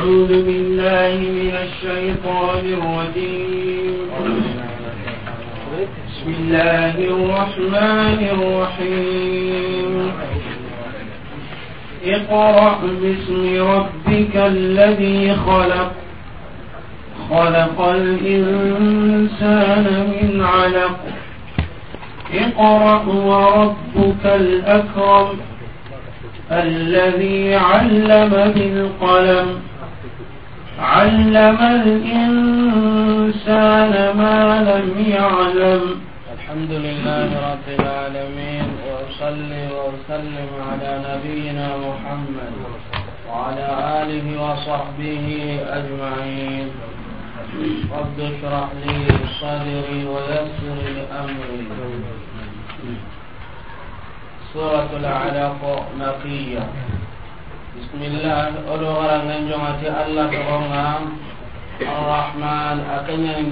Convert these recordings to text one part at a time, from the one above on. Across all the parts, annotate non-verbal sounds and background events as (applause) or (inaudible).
أعوذ بالله من الشيطان الرجيم بسم الله الرحمن الرحيم اقرأ باسم ربك الذي خلق خلق الإنسان من علق اقرأ وربك الأكرم الذي علم بالقلم علم الإنسان ما لم يعلم الحمد لله رب العالمين وأصلي وأسلم على نبينا محمد وعلى آله وصحبه أجمعين رب اشرح لي صدري ويسر لي أمري سورة العلاق نقية bismillah oɗo waranga jongati allah togonga arrahman akeñani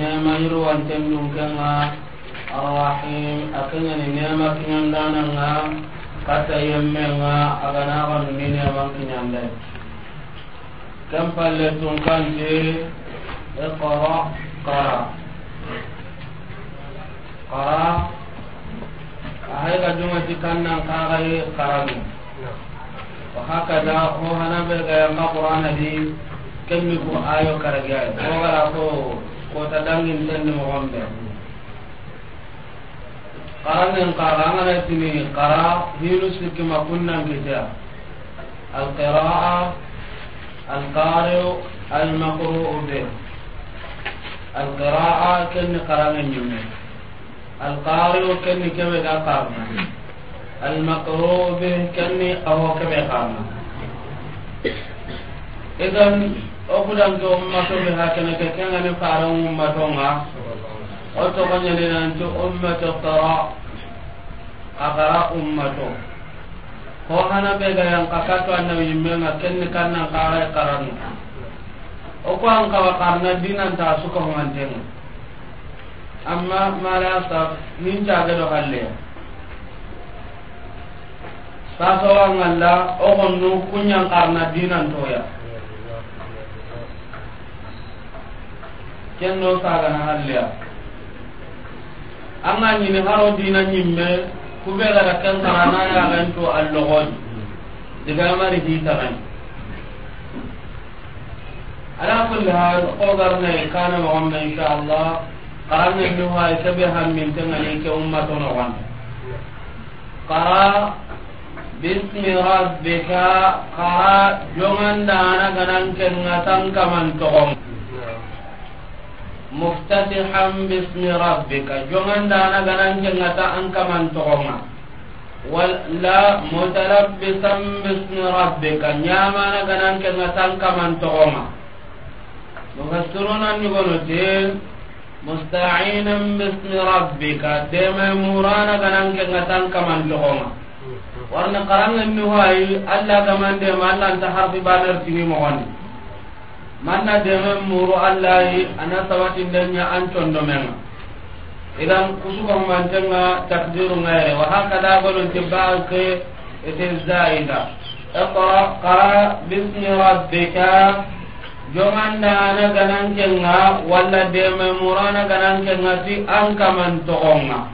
وهكذا هو هنا برغا ما قرآن دي كم يكون آيو كرجاء هو غلا هو كوتا دانين تن مغمبه قرآن قرآن نتني قراء هي نسك ما كنا كتا القراءة القارئ المقروء به القراءة كن قرآن يمين القارئ كن كما قرآن almakrobe kenni awo keɓe kama egan ogudanke ummatoɓe ha keneke kegani faran ummatonga o togoñaninanti ummato kara agara ummato ko hana ɓegayan kakato annawi yimmenga kenni kannan kaaray karanu oku an kawa karna dinanta sukahongantenga amma mala sa nin cagedo halleya sasawa ngalla ogonnu kunyan karna dinan toya ken do sagana halliya anga ñini haro dina ñimme kube gara ken karana yaganto allogoy digamari hitagani ala kulli hal ogarne kana mogonɓe inchallah karangenni hoay keɓe hammintengalike ummatonogonde kara bismi rabbika qara jongandana ganankenga tan kaman togon muftatihan bismi rabbika jongandana ganankenga ta an kaman togonga wala mutalabbisan bismi rabbika nyamana ganankenga tan kaman togonga mufassiruna nigonote musta'inan bismi rabbika dema murana ganankenga tan kaman togonga warna karangenni hoayi allah gamandema allah nta harfi banertini mogoni manna demen muru allahi ana sabatindenya an condomenga idan ko kusugahumantenga takdirunga yere wahakada golonti baake ete zaida اقرأ قرأ باسم ربك jomanda na ganan kenga walla deme murana ganan kenga ti an kaman togonga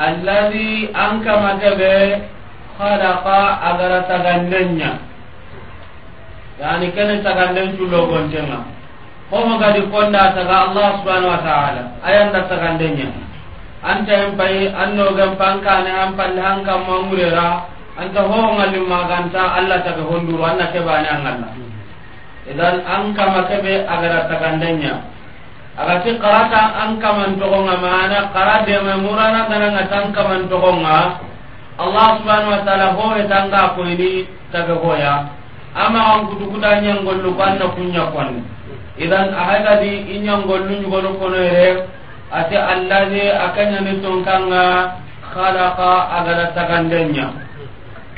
allazi an kama kebe khalaqa agara tagannenya yani kene tagannen tu logon tenga ko mo gadi konda taga allah subhanahu wa ta'ala ayan da tagandenya anta en an anno gam panka ne am pal hanka mangurera anta ho ngalli maganta allah taga honduru anna kebani angalla idan an kama kebe agara tagandenya agati karata an kaman togonga mana kara deme murana gananga tan kaman togonga allah subhanahu wa taala howe tanga koyni tabe hoya ama an kutukuta ñangollu ko anna kunya konni idan ahagadi i ñangollu ñugono konoyre ate allahi akañani tonkanga halaka agada tagandenya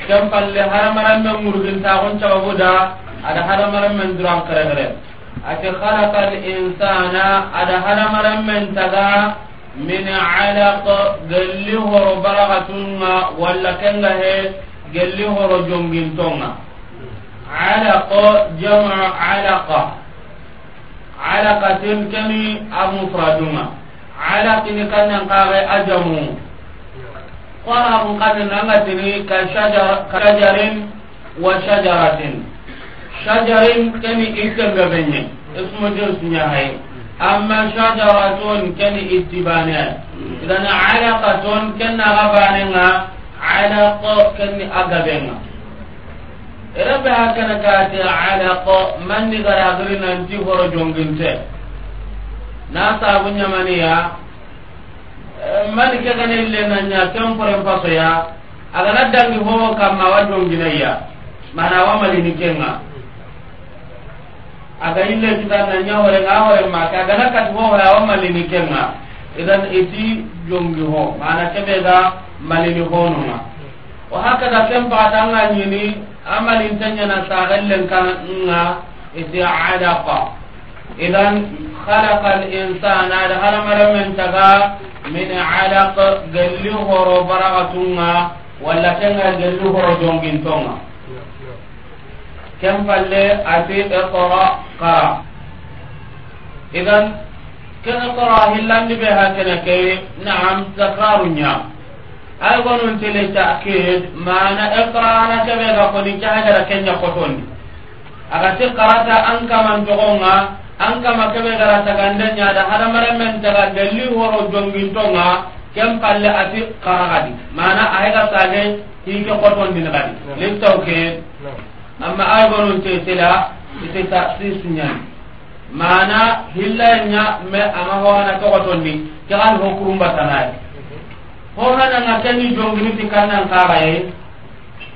ken palle haramaranmen murgintaxon cababuda ada haramaranmen duran kare ati khalaqa al-insana ada halamaran men taga min alaq galli horo barakatunga walla kenga he galli horo jongintonga alaq jam'u alaqa alaqatin kani amufradunga alaqini kannan kaga ajamu qararun kanin nangatini ka shajarin wa shajaratin shajarin kani ikanga benye ismu jins nya hay amma shajaratun kani ittibane idan alaqatun kanna gabane nga alaqa kani agabenga rabbi hakana kati alaqa man ni gara gari nan ti horo jonginte na sabu nyamaniya man ke kana ille nan nya tempore pasoya agana dangi ho kamma mana wa a ille kita na nya hore nga ka ga nakat ho hore wa malini kenga idan iti jongi ho mana kebe ga malini ho wa haka da kan nga ni amalin tanya na sa nga iti adaqa idan khalaqa al-insana da haramara men taga min alaq galli horo barakatunga walla kenga ken palle ati iqra qara idan ken iqra hillandi be hakene ke na'am takarunya ay gonun tele ta'kid mana iqra na kebe ga ko din jahara kenya kotondi aga ti qarata an kaman togonga an kama kebe gara tagandanya da hada maramen daga dalli horo jongintonga ken palle ati qaragadi mana ay ga sage hike kotondi nagadi lim tawkid amma aygonon tesela ite tasis ñani mana hillaña me anga hoana kogotondi ke an ho kurumbatanay hohananga keni jongiriti kannan kaxaye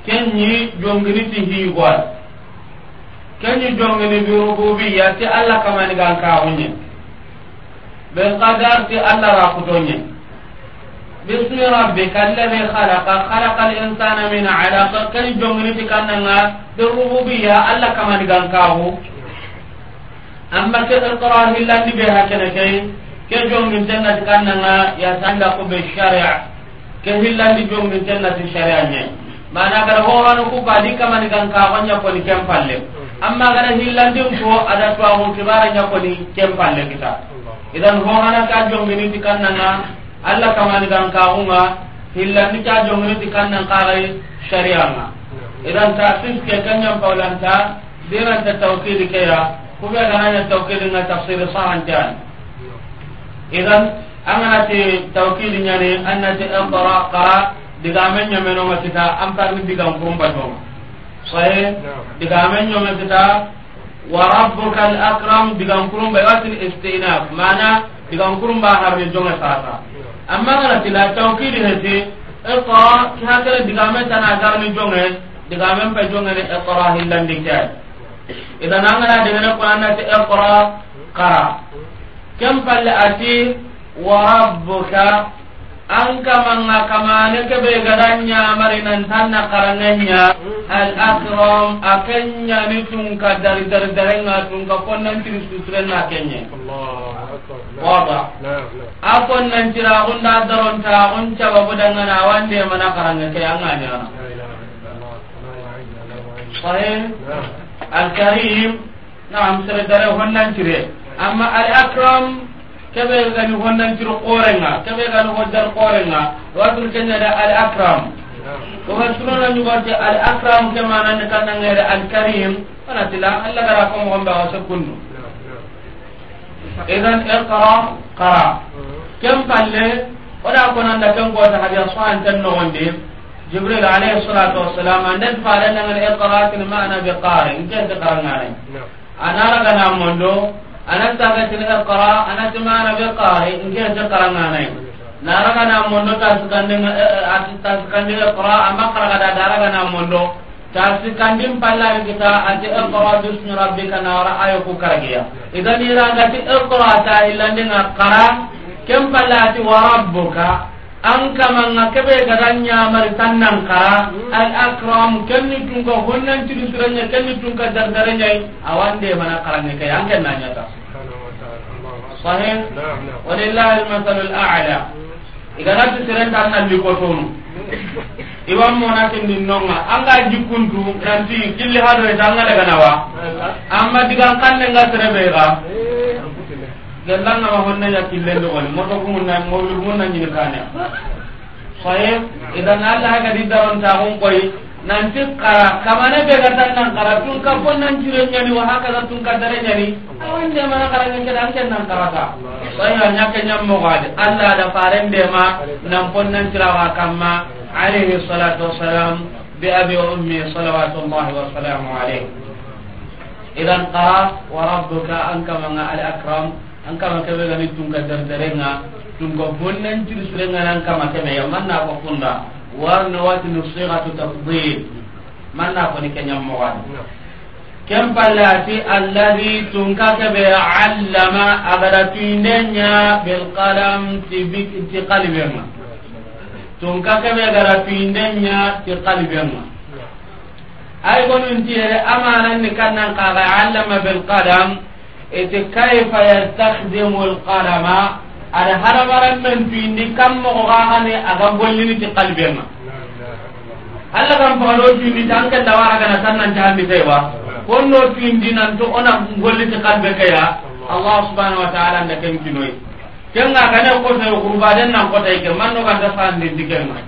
kenñi jongiriti higoal kenñi jongini birububiya ti allah kamanigan kaxuñen ɓe kadar ti allah rakutoñen باسم ربك الذي خلق خلق الانسان من علق كل جمل في كان بالربوبية الا كما نقلقاه اما كيف القران الا نبيها كان شيء كيف جمل جنة كان يتعلق بالشرع كيف الا نبيهم جنة الشرع يعني؟ ما نقل هو انا كوبا دي كما نقلقاه ان يكون كم فلم اما غير الا نبيهم ادتواه كبار ان يكون كم فلم كتاب اذا هو انا كاجو من يتكلم alla kamani gan kaxunga hillandi ca jonginiti kannan kaxay sharianga idan ta sis ke kenyan paulanta dinanta tawkidi keya kube gananya tawkidi nga tafsiri sahanteani idan anganati tawkidi ñani annati iqra qara digame ñamenonga kita an parni digan kurumbatonga sahe digame ñome kita wa rabbuka al akram digan kurumba iwatin istinaf mana digan kurumba harni jonge sasa amma ngana tila tawkidi heti iqra ki hakala digame tana garni jonge digame pa jonge ne iqra hillan dikai idan angana digane qur'an na iqra qara kam palle ati wa rabbuka an kama nga kamane keɓe gada ñamari nantan na karange ña al akram a keñani tunka dari dari darenga tunka konnantiri sutrena keñe oda a konnantira xunda daronta xun cababu dangana awandemana karange ke anga ñana sahih alkarim naam sere dare honnantire amma al akram kebe gani honnan jiro qorenga kebe gani hoddar qorenga watul kenya da al akram ko ga sunona ni wati al akram ke manan kan ngere al karim ana tila alla gara ko mo ba wasa kunnu idan iqra qara kam palle oda ko nan da kan ko ta hadiya so an tan no wonde jibril alayhi salatu wassalam andan faran nan al iqra tin ma'ana bi qari in kan ta qaranga ana ra kana mondo anan taga tini ka anak ana tumana be qari inke ta qaranga Nara naraga kan na mondo ta sukanding eh, eh, ati ta sukanding qara amma qara da daraga kan na mondo ta sukanding palla kita ati qara bismi rabbika nara ayo ku karagiya idan iraga ti qara ta illandinga qara kem palla ati wa rabbuka an kama nga kebe gadan nyamari tannan ka al akram kenni tunga honnan tidu suranya kenni tunga dardaranya awande mana karanga kay an kenna nyata sahih walillahi almasalul a'la igana tu serenta na li ko tonu iwan mona kin din nonga anga jikuntu nanti killi hadre tanga daga nawa amma digan kanne nga serebe ga gellan na honne ya kille ndo woni moto kumun na mawlu mun na nyini kane sahih idan allah ga didaron ta hon koyi nanti kara kamane be ga tan nan kara tun ka pon nan jure nyani wa haka da tun ka dare awan de mana kara ngi kedan ken nan kara ka saya hanya nyam mo ga de alla da faren be ma nan pon nan jira wa alaihi salatu wassalam bi abi wa ummi salawatullahi wa salamu idan qara wa rabbuka an al akram angka kama ke be ga ni tun ka dare dare nga tun ko pon nan jure sure nga nan kama ke me na ko warni watini sigatu tafdil man kenya koni kenyam mogani kem pallati allahi tunka keɓe allama agada tuindenya belkalam ti kalibenga tunka keɓe gara tuindenya ti kalibenga ay gonuntiyere amananni kannan kaga allama belkalam iti kaifa yastakhdimu lkalama ada haramaran men fi ni kam mo ko gaane aga gollini ti qalbena alla kam fa do fi ni tanke dawara kana tanan ta mi sewa kon no fi ni nan to ona gollini ti qalbe kaya allah subhanahu wa ta'ala nda ken kinoi ken ga kana ko sewa kurba den nan ko tay ke man no ganda fa ni dikel ma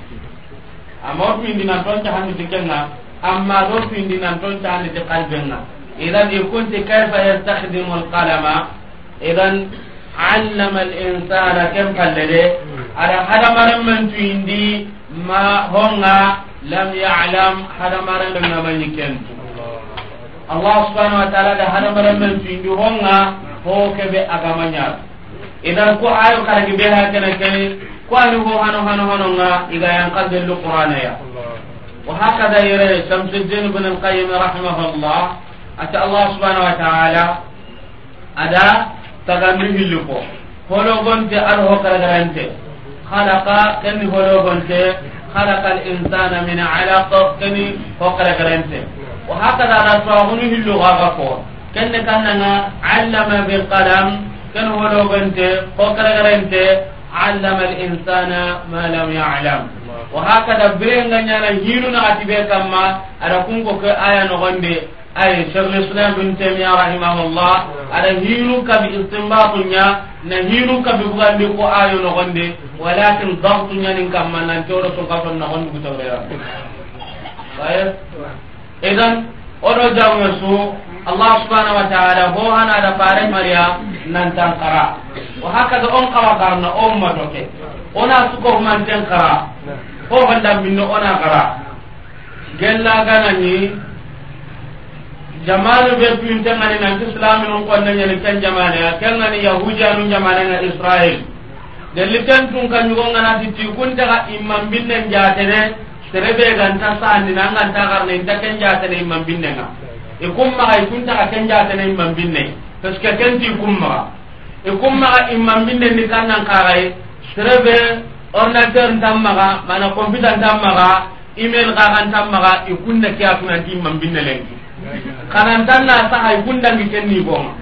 amma fi ni nan to ta hanu dikel na amma do fi ni nan to ta hanu ti qalbena idan yakunti kayfa yastakhdimu alqalama idan allama al-insana kam fallede ada hadamaren man tuindi ma honga lam ya'lam hadamaren dum namani kentu allah subhanahu wa ta'ala da hadamaren man tuindi honga ho kebe agamanya idan ko ayo karagi be ha kana kai ko anu ho hano hano hano nga iga yang qadil qur'ana ya wa hakada yara shamsuddin ibn al-qayyim rahimahullah ata allah subhanahu wa ta'ala ada sagandi hilli ko hologonte ar ho karagarante khalaqa keni hologonte خلق الإنسان من علق كني فقر كرنته وهكذا رسوله هلو غاقفور كن كننا علم بالقلم كن هو لو بنت فقر كرنته علم الإنسان ما لم يعلم وهكذا بين غنيانا هينو نغتبه كما أركنكو كآية نغنده ay shekhul islam bin taimiya rahimahullah ada hinu kabi istimbatunya na hinu kabi gandi ko ayo nogonde walakin dhabtunya nin kamma nan toro to kafon to rewa baye idan odo jamu su allah subhanahu wa ta'ala ho ana da fare mariya nan tankara wa haka da on kawa garna on ke ona su ko man tankara ho handa minno ona kara gella ganani jamanu be pun tengani nanti islami non ko nanya ni ken jamane er ya tengani yahudi anu jamane na israel deli ken tun kan yugo ngana di ti kun daga imam binne jate ne terebe gan ta sa ni nan gan ta garne da ken jate ne imam binne na e kumma ay kun daga ken jate ne imam binne taske ken ti kumma e kumma imam binne ni kan nan karai terebe ordinateur ndamma ga mana computer ndamma ga email ga ga ndamma ga e kun da kiya tunan ti imam binne lengi karantanga saxay kundangi ken nigonga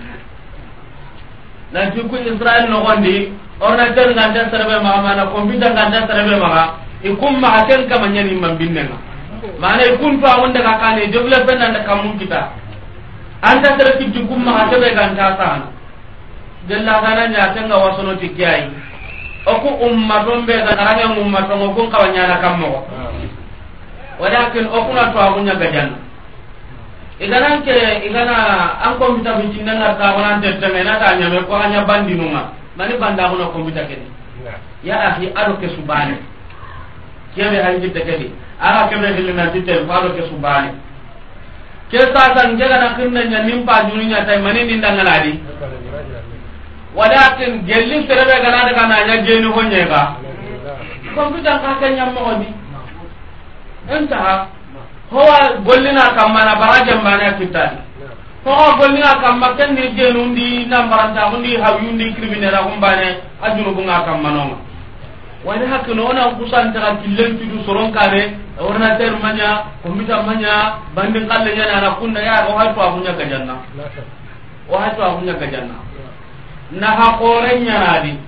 nanti ku israel nogondi ordinateur ngante sereɓe maxa mana computer ngante sereɓe maxa i kum maxa ken kama ñanimman binnenga mana i kuntu awundenga kane développe nande kammun kita anta sere kidju kum maxa teɓe ganta saxana gellaxana ñatenga wasonoti giayi oku ummaton ɓe gaarangen ummatongo kun kawa ñana kam moxo ah. walakin okunatoaku ñaga janna igana ke igana an computer bi tinna na ta wala ta ta na ta nya me ko hanya bandi numa mani banda ko na computer ke ya akhi aro ke subane ke be hanji ta ke ara ke be hilna ti te aro ke subane ke sa ta ngega na kinna nya nim pa juri nya ta mani din da ngala di walakin gelli terebe gana da kana nya je ni honye ga computer ka ke nya mo di enta howa gollina kammana bara jambana kittadi howa gollina kamma kenni jenundi nambarantakundi hawyundi criminelakumbane a junubunga kammanonga wani hakkino wona kusantaka killentidu soronkane ordinateur maña computa maña bandin kalle ñanana kunna yaga ohay twakuña gajanna ohay twakuña gajanna naha kore ñanadi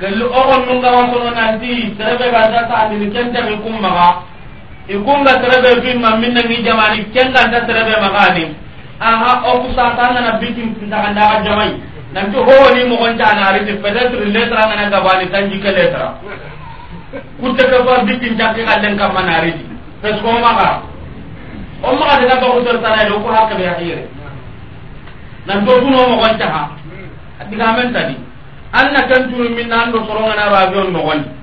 galli ogon nungawankono nanti serebe ganta taandini kentaki kummaga ikunga serebe fi mamminna ngi jamani kenga ta serebe magani aha oku satanga na bikin tintakanda ka jamai nanti howoni mogonta na ariti peut-être letra ngana gabani tanjike letra kutte ke fa bikin cakki kallen kamma na ariti parce que omaga omaga daga bakutor tanayi oku hakkabe hakire nanti okuno mogonta ha digamen tadi anna kentunu minna ando sorongana rabion mogoni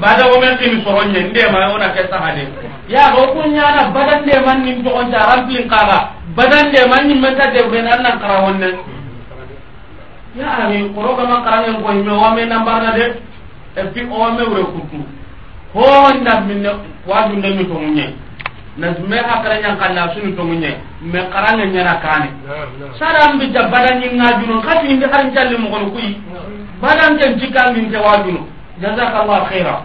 bada wo men kimi soroñe ndema wona ke sahade yaga oku ñana badan de man nin toxonta ramplin kaga badan de man nin meta de ɓe nannan karawon ne ya ami korogama karangen ko yime wame nambarna de e pi owame wure kurtu hoondam minne wajunde mi toguñe nas me hakare ñankanna suni toguñe me karange ñana kane saɗambi ja badan ñin ngajuno kati indi harin calli mogono kuy badan ten cikkangin te wajuno jazakallahu khaira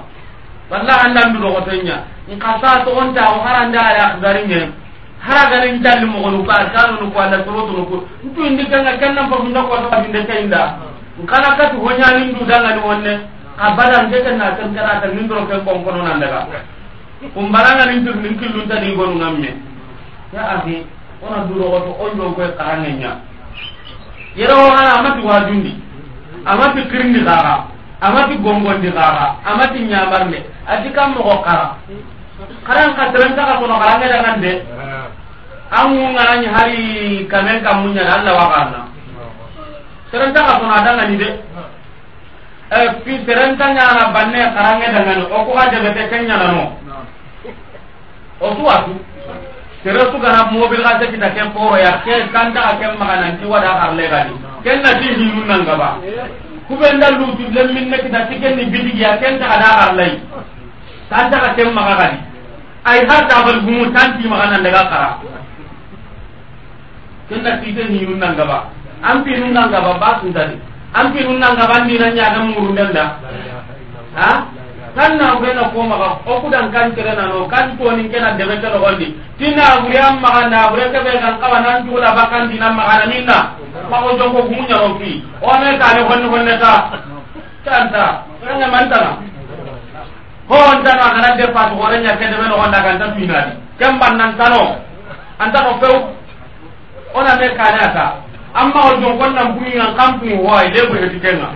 walla andan dugo gotonya in kasa to on ta o haranda ya garinye hara garin dalli mo gonu ka kanu nu ko ala to to ko ntu indi kanga kanna ko to binde kainda in kana ka to honya ni ndu danga ni wonne abada na kan kana ta nindro ke kon kono nan daga kumbaranga ni ndu nin kilun ta ni gonu ngamme ya akhi ona dugo goto on do ko karangenya amati gongondi gara amati ñamarne ati kam mogo kara karan ka terentaka kono karange dangan de ah. angu hari kamen kam muñana alla wagarna terentaka kono adangani de ah. eh, pi terenta ñana banne karange dengan o kuxa jaɓete kenñanano ah. o suwatu tere sugana mobil xa sekita ya. ken poroya ke kantaka ken magananti waɗa xarlegani ken nati hinun nangaba kube nda lutu lemmin ne kita tiken ni bidi ya ken ta ada arlai tan ta ken maka gadi ay har ta bal gumu tan ti maka nan daga kara ken da titen ni yun nan gaba an pi nun nan gaba ba sun dali an pi nun nan gaba ni nan ya nan murun ha kan na ko na ko maka o ku dan kan tere na no kan ko ni ken na de be no gondi tinna guri am maka na gure ka be kan kawanan jula bakan dinan maka na minna mago jonko kumuñano fi one tani honni honneta canta enge mantana hoontano agana dépasse horeña kedeme nogondaga anta tuinadi ken bannantano antano few ona me kane ata amma o jonkon nan buigan kam pui hoay leɓoyeti kenga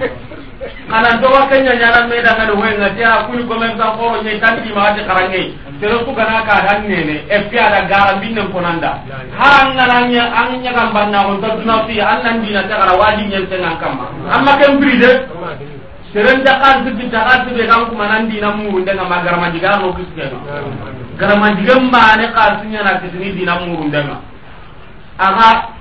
anan towa kenya nyana meda ngado hoye ngati ha kuni gomen sa foro nyai tan ima ati karangai tero ku gana ka dan nene efi ada gara binne konanda ha ngalanya ang nyakan banna on to tuna fi an nan dina ta kara waji nyen tengan kama amma ken bride seren da kan ti ta kan ti kan ku manan dina mu ndanga magar majiga no kiske no gara majiga ma ne kar sunya na kisini dina mu ndanga aha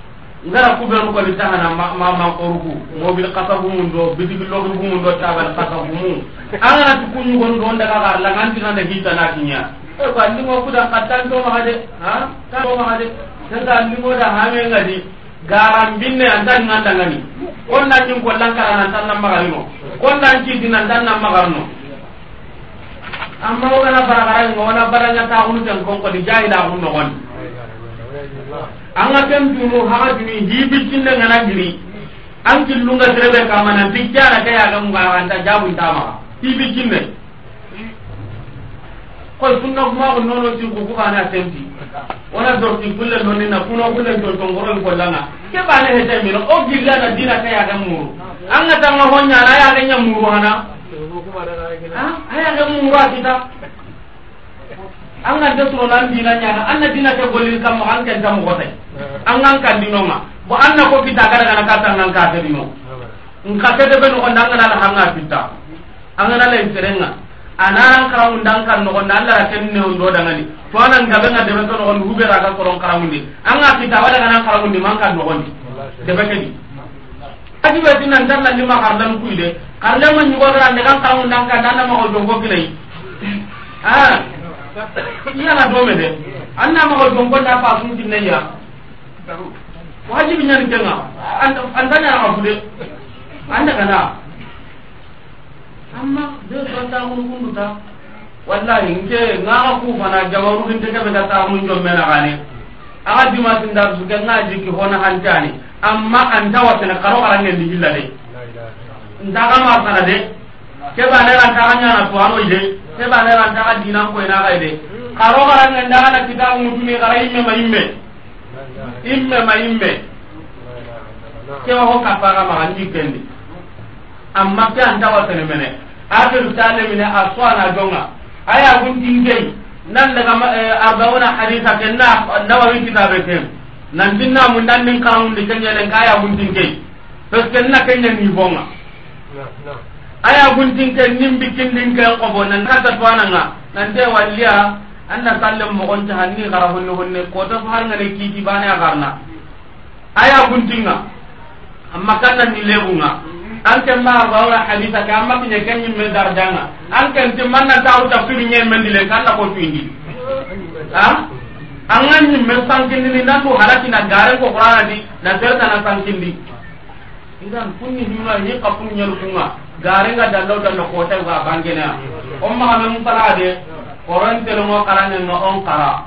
ngara ma koni tahana mamankoruku mobil mun do mun do tabal kasabumu angana ti kuñugon do ndaga garla ngantinanda hitana kiña ko e andingo kudan kattantomaxa de a tomaxa de kenga andingoda hamengadi garan binne antan ngandangani kon na ko nan ñin kollankara nantan nammagarino kon nan ciidi nantan nammagarno amma wogana baragarainga wona baranga taxunu ten konkoni jahila xun noxoni anga ken dunu haa duni hibi cinne ngana giri an killunga sirebe kama na tijjana kaya ga mu ga anta jabu ntama hibi cinne ko sunna kuma ko nono ti ko kuka na tenti wala dorti kulle non na kuno kulle to to ngoro ko lana ke bane he tammi no o gilla na dina kaya ga mu anga ta ma honya na ya ga nyamu ha ha ya ga mu ruwa kita an ga da suno nan dina nya na an na dina ke golil kam ma an ken tammo ko tay angankandinonga bo an na ko fita gada gana kata angankate dino nka sede be nogonde angana la hanga fitta angana la serenga anarankaramunde an kan nogonde an lara kenneondo dangani to ana ngabenga debe ke nogonde huberaga koron karamundi anga fita wada gana karamundi man kan nogondi debe kedi ajibeti nan dan lanni ma kardan kuide kardan ma nyugodara ne kan karamundi an kan nana mako jongo kilai ah iya na dome de anna mako jongo da pa sunti ne ya wajibi nyani kenga anda nyara ka bude anda kana amma de sonda mun ta wallahi nke ngaka ku fana jabaru inte ke beta ta mun jomme na kane aga dima tin dar su ke ngaji ki hona hantani amma anta watene karo karange ndi hilla de ndaka ma fana de keba ne ran ta nya na to ano ide ke ba ne ran ta dina ko ina ga ide karo karange ndaka na kitabu mutune karai me ma imme imme ma imme kewa ho kafaga maxa njiggendi amma ke anta watene mene axiru tane mine a soana jonga aya guntingey nan daga eh, arbauna hadisa ke na nawawi kitabe ken nantin namu nan nin karamundi kenyenen ka aya guntingey parce que nna kenya nivonga aya guntinke nin bikindin ken ko nan kata nan nante walliya anda kallem mogon ta hanni gara honne honne ko to far ngane kiti bana garna aya guntinga amma kanna ni lebunga an ken ma bawra hadisa ka amma kinya ken min mel darjanga an ken tim manna taw ta fir nyen men dile kanna ko tindi ha angan ni men sankin ni nan do halaki na gare ko qur'ana di na terta na sankin di idan kunni himma ni kapun nyal kunga gare ga dallo dallo ko ta ga bangena umma amun salade koron telongo karangenga on kara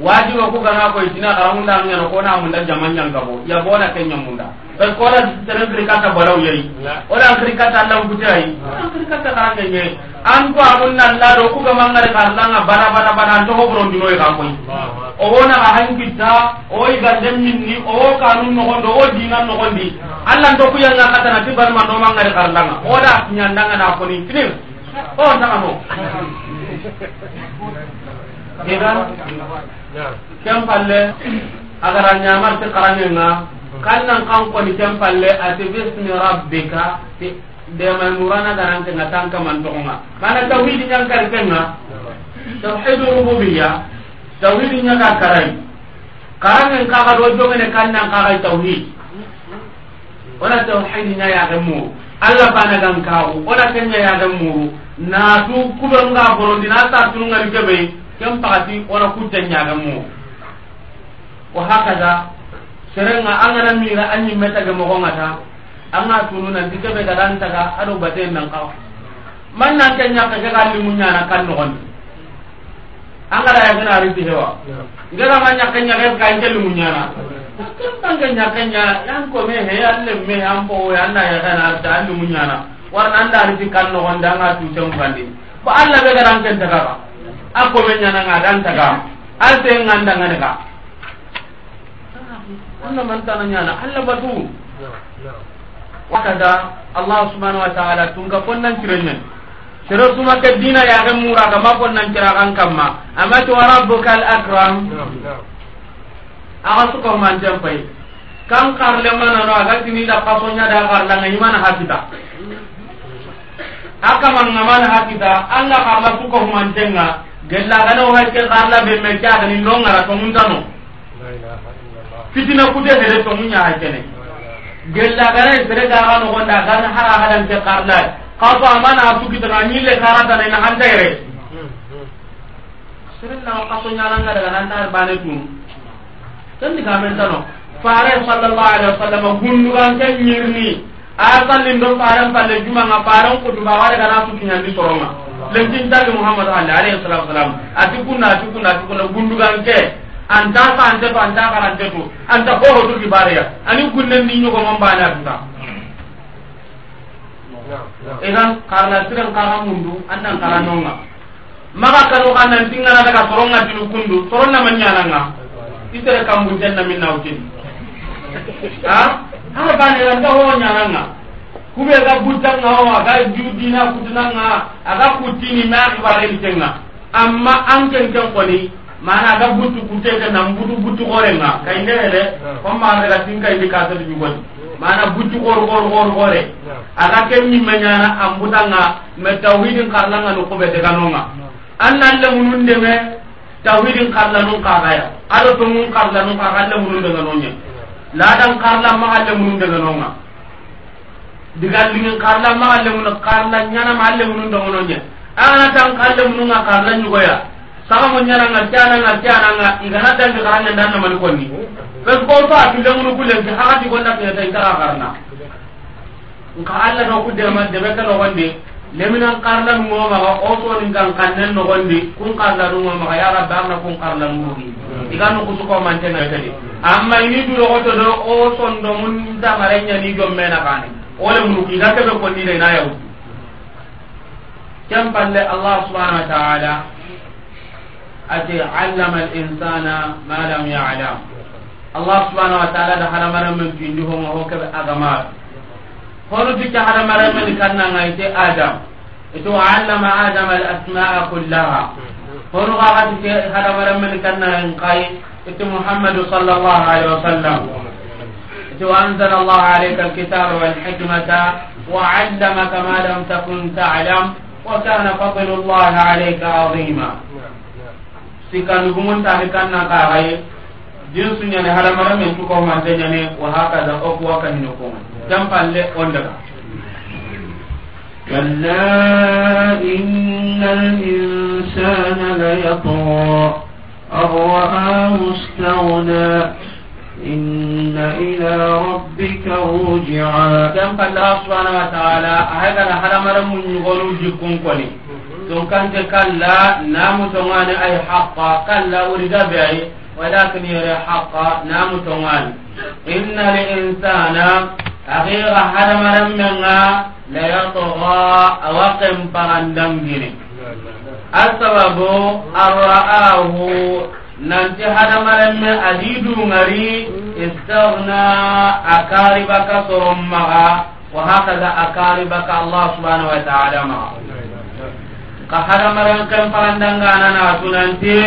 wajiba ku gana koy tina karamunda ngena kona munda jaman nyangabo ya bona kenya munda per kona tere krikata baraw yai ola krikata Allah butai krikata karanga nge an ko amun nan la do ku gama ngare karlanga bara bara bara to ho bron dinoy ka koy o wona ka han kitta o i gandem minni o kanun no gondo o dinan no gondi Allah to ku yanga kata na tibar ma do mangare karlanga ola nyandanga na koni tinim o oh, ndanga no (laughs) igan ken palle agara ñamarti karanenga kan nan kan koni ken palle ati bismi rabbika demay murana garankenga tankamantoxonga mana tawhidi ñankari kenga tawhidu rububiya tawhidi ñaga karay karangen kaxa do jongene kan nan kaxay tawhid wona tawhidi ñayaxe mu alla bana gan kawu oda kenya ya dan muru na tu kubel ga boro na ta tunu ngari kebe kem pati ona ku nya ga mu wa hakaza serenga angana mira anyi meta ga mo ngata anga tunu nan dikebe ga dan ga ado baten nan kawu man nan kenya ka ga limunya na kan no angara ya gina riti hewa gara ma kenya nyaka ka intel munyana tanga nyaka nya yan ko me he le me am bo ya na ya kana ta an munyana warna anda riti kan no wanda nga tu tem bandi ba alla be garan ken daga ka an ko me nyana nga dan daga an te nganda nga daga anna man tan nyana alla batu wakada allah subhanahu wa ta'ala tunga konnan tirenya terosumake dina yaxe muraga makonnanciraxan kamma amati wa rabuka al akram axa sukomanten pay kan xarle manano aga kini ɗaka soñada xarlanga imana hakita a kamanga man hakita alla xarla sukomantenga gellaganoo hakke xarla ɓe mecce agani nongara tomuntano fitina kute hede tomuñaha kene gellagana sere gaxanoxonda gan xara xadante xarlay kaso amana asuki daga kara karata na handa yere sirin na kaso nyaranga daga handa bane tum kan di men tano fare sallallahu alaihi wasallam gundu kan nyirni asal lindo fare palle juma nga fare ko duba wala kana asuki di soronga lentin tagi muhammad alaihi wasallam ati kunna ati kunna ati kunna gundugan ke anta fa anta fa anta anta tu anta ko hotu kibariya ani gunnen ni nyugo mambana tuta idan karna siren kara mundu annan kara nonga maka kanu kana tingana daga soronga tinu kundu soronna manyana nga itere kambu janna minna utin ha ha bane ran ta ho nyana nga kube ga gutta nga ho ga judina kutuna nga aga kutini na ibare tenga amma an ken koni mana aga gutu kutte ga nan butu butu gore nga kainde hele ko ma daga tinga ibi ka ta di mana buccu gor gor gor gore aga ken mi manya ambutanga me tawhidin karlanga no kobe de kanonga anna le munun de me tawhidin karlanu kagaya ado to mun karlanu kagalle munun de kanonya ladan karla ma alle munun de kanonga digal lingin karla ma alle munun karla nyana ma alle munun de kanonya ana tan karla munun karla nyugoya kaga mo nyana ngal tiana ngal tiana nga igana dan ni karanna dan namani konni kas ko to akille mun kulle ki haga ti gonna ke tan kara karna nka alla no ku de man de be kala wonde leminan karla mo ma ga o to ni kan kannen no wonde kun karla no ma ga ya rabba na kun karla no ni igano ku su ko man tan ga de amma ini du ro to do o son do mun da marenya ni me na kane ole mun ki ga ke be konni de na yawu kyan palle allah subhanahu wa ta'ala ati allama al-insana ma lam ya'lam Allah subhanahu wa ta'ala da haramara men pindi ho ho ke agama hono bi ta haramara men kanna ngai te adam itu allama adam al-asma'a kullaha hono ga ga te haramara men kanna ngai itu Muhammad sallallahu alaihi wasallam itu anzala Allah alayka al-kitaba wal hikmata wa 'allamaka ma lam takun ta'lam wa kana fadlu Allah alayka 'azima sikanu gumun ta kan na ka ay din sunya ne hala mara men ko ma tanya ne wa haka da ko wa kan no kuma dan palle on ka kalla innal insana la yatgha أرآه استغنى إن إلى ربك رجعا كم قال الله سبحانه وتعالى هذا الحرم رمون يقولوا جكم قليل تو كانت كلا نام تومان اي حقا كلا ولد بي ولكن يري حقا نام تومان ان الانسان أخير حرم لمنا ليطغى وقم فغندم بني السبب الرآه نانتي حرم لمن اديد مري استغنى اكاربك ثم وهكذا اكاربك الله سبحانه وتعالى معه ka hadamaran kan parandangana na tunanti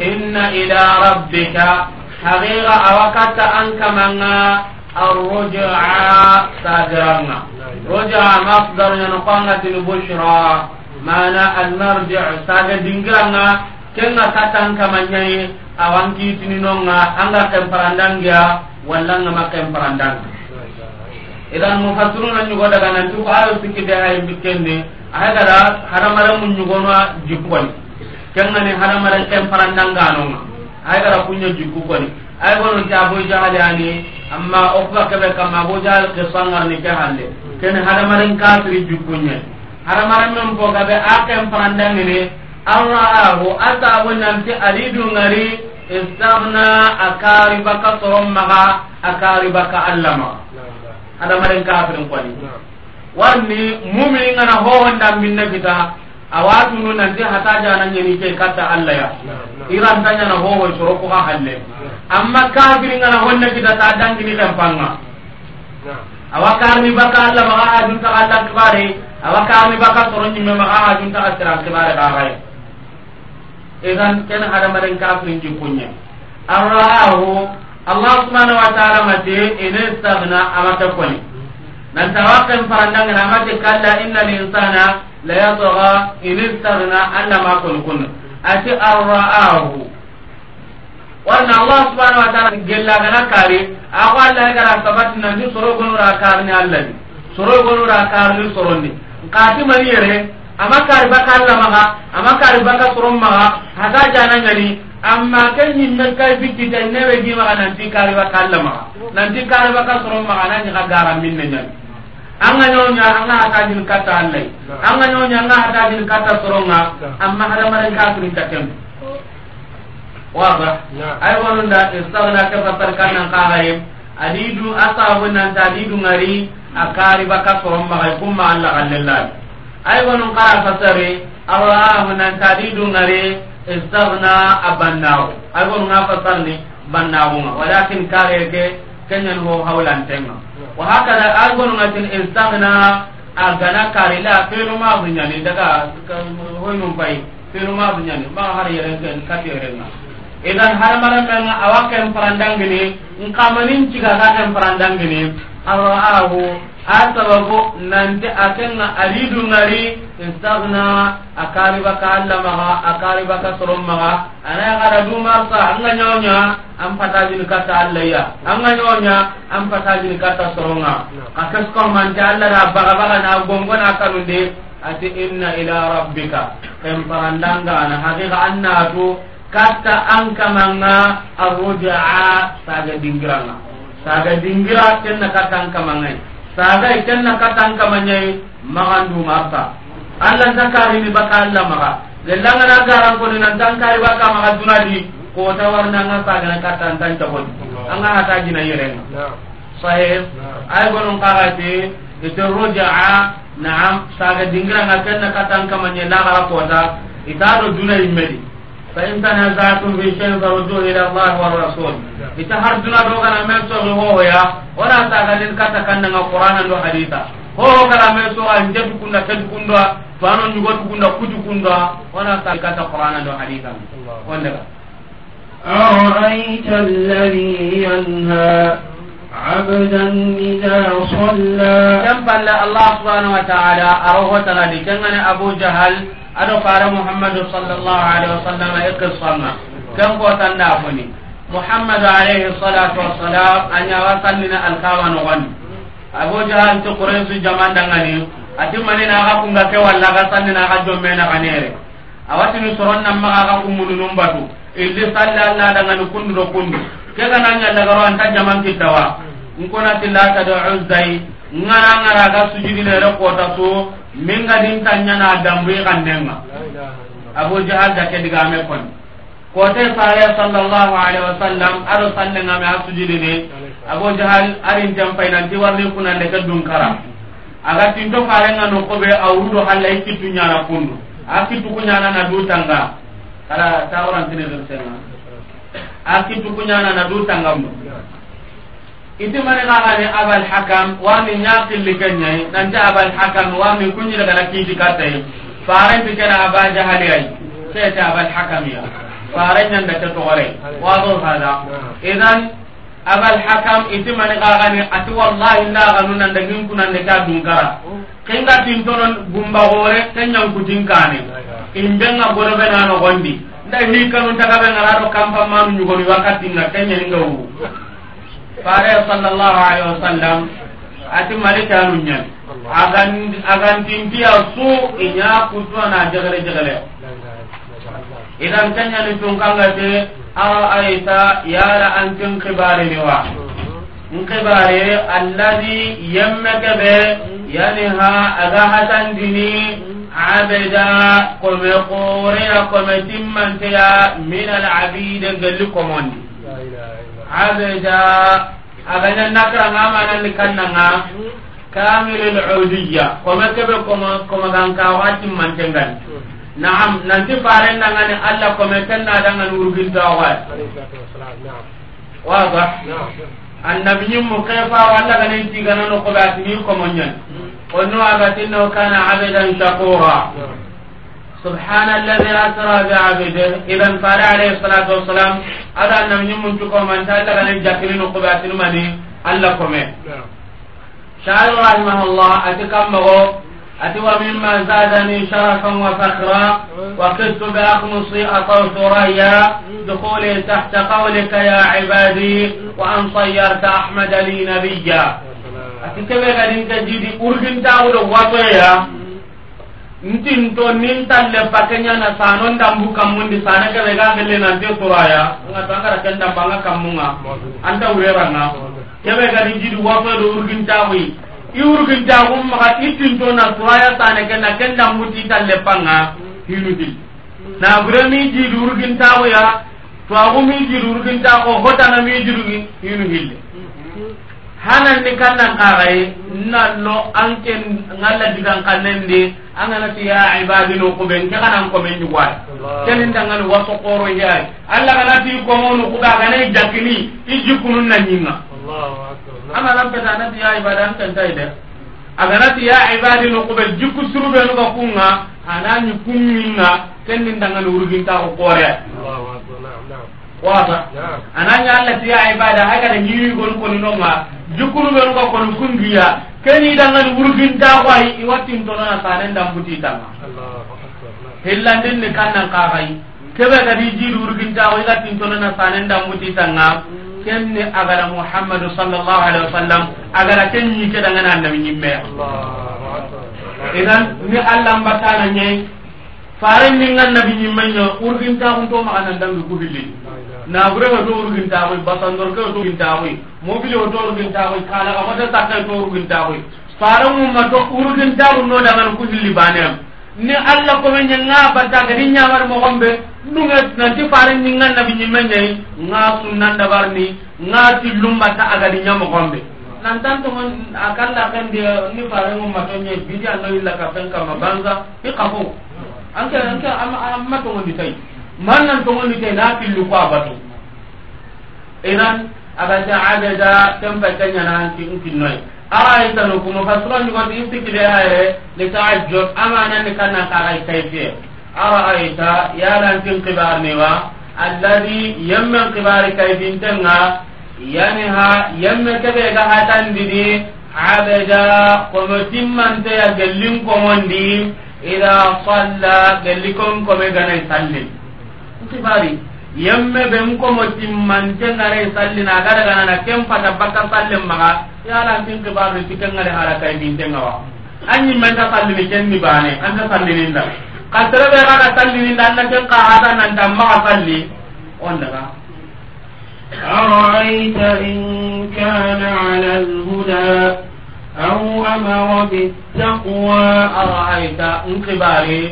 inna ila rabbika haqiqa awakata an kamanga arrujaa sadiranga rujaa masdar nyanokwanga tini bushra mana almarji' saga dingiranga kenga katan kamanyaye awankitini nonga anga kan kemparandangia wallanga ma kemparandangia idan mufassiruna ñugo dagananti ko ayo sikkide hay bikkendi ahay gada hadamaren mu ñugonoa jikku koni kengani hadamaren ken farandanganonga ahay gada kuña jikku koni ay gono ti aboy jahali ani amma okuga keɓe kamma abo jahali kesangarni ke hande keni hadamaren kasiri jukkuñe hadamaren men po gaɓe a ken farandangini anra ahu a sabo nanti aliidungari istagna a kariba ka soron maga a kariba ka allama ada maren kafirin kwani warni mu'minin ngana ho wanda minna kita awatunu nanti hata jana nyeni ke kata Allah ya iran tanya na ho ho soro ko halle amma kafirin ngana honna kita ta dangini kampanga awa ni baka Allah ma ajun ta Allah kibare awa ni baka soron nyimme ma ajun ta asira kibare ka gai idan ken hada maren kafirin ji kunya arahu allah subhanahu wa ta'ala mate ene sagna amata koni nan tawaqqan farandanga na mate kalla innal insana la yatgha ene sagna anna ma kun kun ati arraahu warna allah subhanahu wa ta'ala gella gana kari ako allah gara sabat nan ni soro gonu ra karni allah ni soro gonu ra karni soronni qati mani yere ama kari baka allah maga ama kari baka soron maga haga janangani amma ken ñimmen kay bikkiten neɓe gimaxa nanti kariba kallamaxa nanti wa ka soro ga ñixa min ne ñani anga an anga hatajin katta allay anga ñoña anga hatajin soro nga amma ka hadamaren kafirinta kem waga ay wonunda istagna ke fasar kannan kaxayem adidu asabu nanta adidu ngari ba ka soron maxay kumma allah xallelaɓe ay wonun kara fasare allah ta didu ngari istaghna abannahu ay gonu nga fasarni bannahu nga walakin kare ke kenyan ho hawlan tenga wa hakala ay gonu nga tin istaghna agana kare la fenu ma bunyani daga hoynum pai fenu ma bunyani ma har yeren ken katiren nga idan har maran nga awaken parandang gini ngkamanin ciga araahu a sababu nanti akenga alidu ngari istagna akariba ka alla maga akariba ka soron maga anaya gara dumarsa anga nyonya an patajini kata alla ya anga nyonya an patajini kata soronga akeskomante alla na bagabaga na gongona kanunde ati inna ila rabbika kemparandangaana hakika annatu katta an kamanga arrujaa saga dingiranga saga dingira kenna katang kamangai saga kenna katang kamangai magandu mata alla zakari mi baka alla maga gellanga na garan ko nan tankari baka maga dunadi ko ta warna nga saga na katan tan ta anga hata gina yeren sahib ay gonon kagati ito roja'a na'am saga dingira nga kenna katan kamanyai la gara ko ta itaro anu dunai medi فإن تنازعتم في شيء فردوه إلى الله والرسول إتهردنا روغنا من سوغي هو يا ولا تغلل كتكنا القرآن دو حديثا هو كلا من سوغا نجد كنا كد كنا فانو نجد كنا كد كنا ولا تغلل كتكنا القرآن دو حديثا والنبا أرأيت الذي ينهى عبدا إذا صلى كم بل الله سبحانه وتعالى أروه تغني كان أبو جهل أدو قال محمد صلى الله عليه وسلم اقصنا كم قوتنا نافني محمد عليه الصلاة والسلام أن يوصلنا الكاوان غني أبو جهل تقرأ جمان دغني atimani naga kunga ke walla ga sanni naga jomme naga nere awatini soron namma ga kumununum batu illi salli alla dangani kundu do kundu ke gana ñallagaro anta jaman kittawa hmm. nkonati latade uzzai ngara ngara ga sujudinere kota su min gadintanñana dambui xandenga abu jahal da kedigame kon kote saya sallallahu alaihi wasallam aro sallengame a sujudini abu jahal arin jampainanti warni kunande ke dunkara aga tinto farenga no kobe awrudo halla i kittu ñana kundu a kittu kuñana na dutanga kala tawrantini resenga akintukuñanana du tangamu itimani kaxane abalhakam wami ñakilli ke ñayi nanti abalhakam wami kuñiregana kiiti kattayi farenti kene abajahali ay seete abalhakamya farenñanda ke toxore wadur hada idan abalhakam itimani kaxani ati wallahi ndaxanu nanda ginkunande ke a dunkara kengatintonon gumbaxore ke ñankutinkane imbenga gonoɓenanoxondi ta hikanu tagaɓe ngaraɗo campamanu ñugoni wakkatinga keñeninga wuru fare sallallahu alayhi wa sallam ati malikanu ñani agantimpiya su iña kutuana jegere jegele idan keñani tunkangate a aita yala antin kibarini wa nkibare alladi yemmekeɓe yaniha aga hatandini abeda kome koreya kome timmanteya min alabide gelli komondi abeda agana nakarangamanani kannanga kamil ludiya kome kebe komagankawa timmantengani naam nanti farendangani allah kome kennadangani urgintawaay wada annabiñimmu kefawa allah ganen tigananokoɓe atini komonyani قلنا أبت إنه كان عبدا شكورا سبحان الذي أسرى بعبده إذا قال عليه الصلاة والسلام هذا أن من يمن تكون من تأتى وقبات يجاكرين قبات المني ألكم شاعر رحمه الله أتكمه أتي ومما زادني شرفا وفخرا وقلت بأخمصي أطوت ريا دخولي تحت قولك يا عبادي وأن صيرت أحمد لي نبيا ati keɓe gadinte jiidi urgintaxudo watoyeya ntinto nin talle pakeñana sano ndambu kammundi sana keɓega gellenante suraya ngato angara ken dambanga kammunga anta wuraranga keɓe gadin jiidi watoyedo urgintaxuy i urgintaxum maxa i tinto na suraya sane ke na ken dambuti talle panga hinudil na vrami jiidi urgintaxuya towaxumi jiidi urgintaxo hotana mi jiduni hinu hille hanandi kannan kaxaye nanno an ke ngalla digan kannendi a nganati ya ibadi no kuɓen ke xanan komen ƴugwaay kenindangani waso qoro yaay allah ganati komonu kuɓa ganai jakini i jikkunun na ñinga a ngalan peta anati ya ibadi an kentay de a ganati ya ibadi no kuɓe jikku surubenuga kunga ana ñikku ñinga kenindangani wurgintaxu qoreay wasa anañi allah siya ibada hagada ñiwi gon koninonga jukkunuɓenuga kono kunduya keni idangani wurgintakoayi iwattintonona sanen dambutitanga hillandinni kannan kakayi keɓe gadi jiidi wurgintako igattintonona sanen dambutitanga kenni agada muhammadu sall allahu alihi wa sallam agada ken ñike dangani annabi ñimmeya idan ni allah mbattana ñayi faren ni ngannabi ñimmeño wurgintakun to maganan dangi kuhillini nabure ga toruguintaxuy basandorkega toruguintaxuy mobile ga toruguintaxuy kalaxa mata sakkay toruguintaxuy fara mumma to uruguintaxu no dangana ku hilli baneyam ni allah kome ñe nga battagadi ñamar moxom ɓe nuge nanti fara ñingan nabi ñimme ñayi nga sunnandabar ni nga tillumbatta agadi ñamoxom ɓe nantantoo a kalla kendi ni fara mumma to ñe bidi anno illa ka fen kama banza i xafo anke anke amatongo ndi tay man nan togondi te na pillu ko a batu inan aganta adada tempa kenyana anti nkinnoy araitanu kumo kasurandigoti isikide aye litaajjud amanani kanna kaxay yani ha yalantin kibarniwa alladi yemmen kibari kayfintenga yanha yemme keɓega hatandidi abada komo timmanteya gellin komondi ida salla gelli kon kome ganay sallin kibari yemme ben komo timmante ngare sallina gana na ken fata bakka sallen maga yala tin kibaru tikengare harakay bintengawa anyi menta sallini kenni bane anta sallininda kaserebe gada sallininda anna ken kahata nanta maga salli on daga أرأيت إن كان على الهدى أو أمر بالتقوى أرأيت انقباري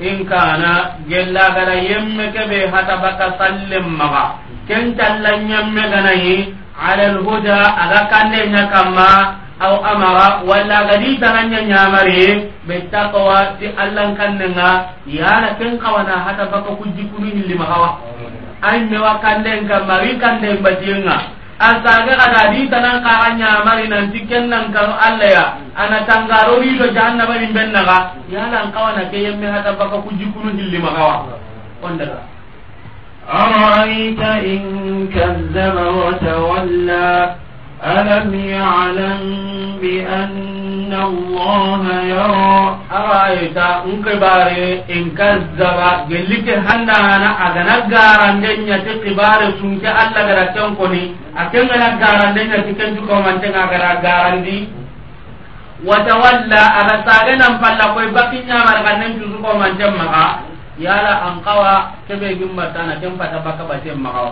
in kana gella gara yemme ke be hata baka sallem maga ken talla nyemme gana yi ala al aga kande nya kama aw amara walla gadi tananya nyamari be taqwa ti allan kannenga yala ken kawana hata baka kujikunu hilli maga wa ay me wa kande ngamari kande badiyenga asage kada di tanan kaga nyamari nanti kennan kanu Allah ya ana tangaro ri do jahannama ni benna ga yala an kawana ke yemme hada baka ku jikunu hilli magawa onda in إن wa tawalla ألم يعلم بأن الله يرى أرأيت انقبار إن كذب قل لك هنا أنا أغنى قارن دنيا تقبار سنك ألا غدا تنقني أكن غنى قارن دنيا تكن تكومن تنغى غدا قارن دي وتولى أغساغنا فلا قوي بقي نعمل غنى تسكومن تنمغى يالا أنقوى كبه جمبتانا كم فتبك بتنمغى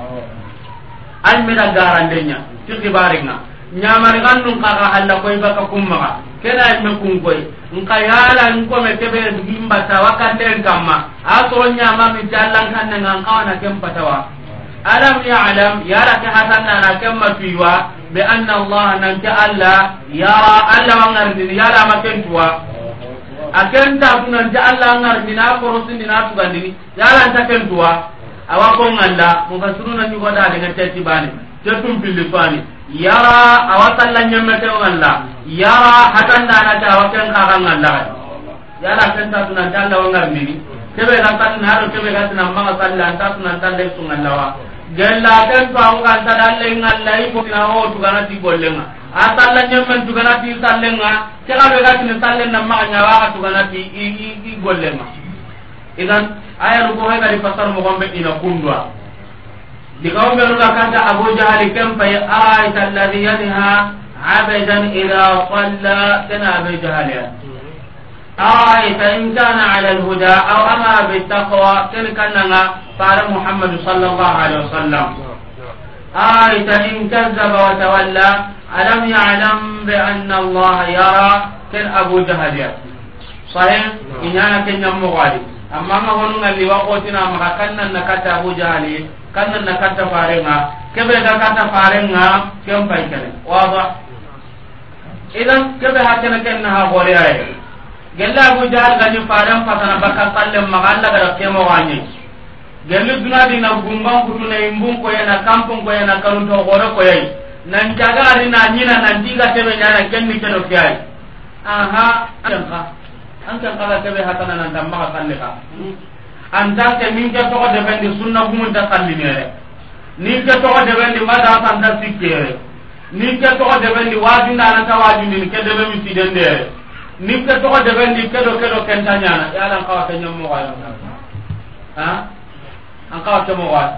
an meda garandenya ti kibarenga nyamari gandun kaga halla koy baka kumma kena me kun koy nka yala ko me kebe gimba tawa a kamma aso nyama mi jallan kanne ngan kawana kem patawa alam ya'lam yala ka hasanna na kamma tuwa bi anna allah nan ta alla yara alla wangarni ma maken tuwa akenta ta kunan ta alla ngarni na korosini na tugandini yala ta ken tuwa awa ko ngalla mo fa sununa ni goda de ngata ti bani te tum pili fani yara awa talla nyamma te ngalla yara hatanda na ta awa ken kaga ngalla yara ken ta tuna dalla wa ngar mini kebe ga tan na ro kebe ga tan amma salla ta tuna dalla tu ngalla wa gella den to awa ngalla dalla ngalla i ko na o tu gana ti bollenga a talla nyamma tu gana ti sallenga kebe ga tan sallenga amma nyawa ga tu gana ti i i gollenga idan aya nu ko hay kali fasar mo gombe ina kundwa diga o be nuga kanta abu jahal kam fa ya araita alladhi yanha abadan ila qalla kana abu jahal ya araita in kana ala alhuda aw amara bittaqwa kan kananga fara muhammad sallallahu alaihi wasallam araita in kazzaba wa tawalla alam ya'lam bi anna allah yara kan abu jahal ya sahih inana kenyam mo wali amma nga honu wa liwa kotina ma kannan na kata abu jahali kannan na kata farenga kebe ga kata farenga kem pai kene ba idan kebe hakene ken na ha gore ay gella abu jahal ga ni faren patana baka palle ma alla ga kemo wani gelli duna dina na gumban kutu na imbun ko yana kampung ko yana kalunto gore ko yai nan jaga ari na nyina nan diga tebe nyana ken ni keno kyai aha anka antan kala kebe hatana nan tan maka kalle ka antan ke min ke to de bendi sunna ku mun ta kalli mere ni ke to de bendi ma da tan ta sikere ni ke to de bendi waju na nan ta waju ni ke de be mi tiden de ni ke to de bendi ke do ke do ken ta nya na ya lan ka ta nyam mo wala ha an ka ta mo wala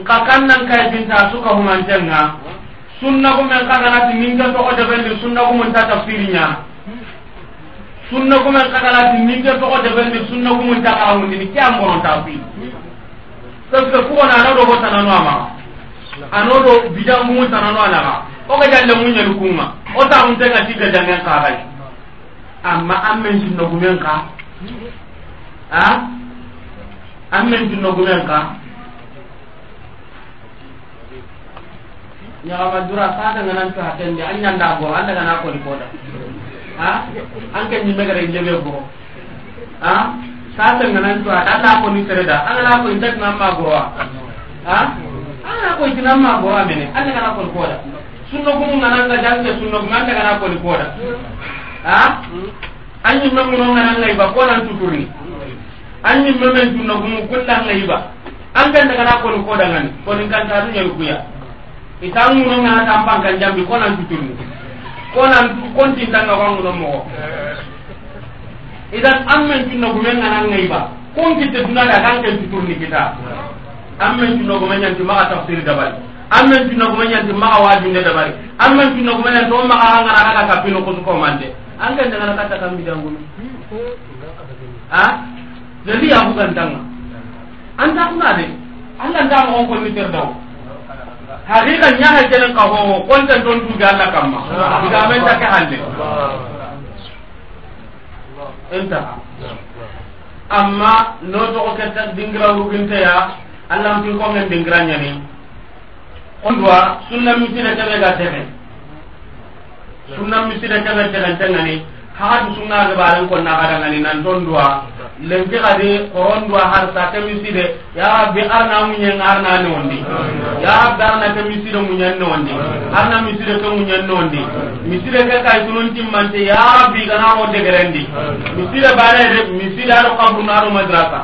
nka kan nan ka bin ta su ka hu man tan na sunna ku men ka ganati min ke to de bendi sunna ku mun ta tafsirinya sunna gumen kakalati minte togo debendi sunna gumun takarawundini ke an bononta kuyi parce que kugona ana ɗogo tanano amaga ano ɗo bidan gumun tanano anaga oga jalle muñani kunga o taxuntenga ti gajangen kaxay amma an men sunna gumen ka ah? a an men sunna gumen ka ñagama dura sa danganantu hakende an ñanda goro an dagana koni koda anke ni megare jebe go ha sa ta ngana to ada la ko ni tere da ala ko ni tak namma go ha ala ko ni namma go ha mene ala ngana ko ko da sunno ko mun ngana ngana jande sunno ko ngana ngana ko ko da ha anyi mun mun ngana ngana iba ko nan tuturi anyi mun men sunno ko mun kullan ngai iba an kan daga ko ko da ngani ko ni kan ta dunya ku ya itang mun ngana tampang kan jambi ko nan tuturi konan kontintanga fanguno mogo idan an men cunno gumen ngana ngayba kunkitte dunade agan ken tuturni kita an men cunno gume ñanti maga tafsiri dabari an men cunno gume ñanti maga wajunde dabari an men cunno gume ñanti o maga hangana kaga kappino kusukomande an ken dengana katta kambidangunu a jandi yafugantanga an taxuna de allah nta mogon konni ter daw hakika nya ha jelen ka ho konta don du ga Allah kamma ga men ta ka halle enta amma no to ko ta dingra ruginta ya Allah tin ko men dingra nya ni ondwa sunna mi tira ta ga tebe sunna mi tira ta ga tebe tan ni haatu sunna ga baran ko na kada ngani nan ton dua lenki kadi koron dua har sa ta miside ya bi arna munye arna ne wondi ya bi arna ta miside munye ne wondi arna miside ta munye ne wondi miside ka kai tunon timmante ya bi kana mo de gerendi miside bare de miside aro kabru na aro madrasa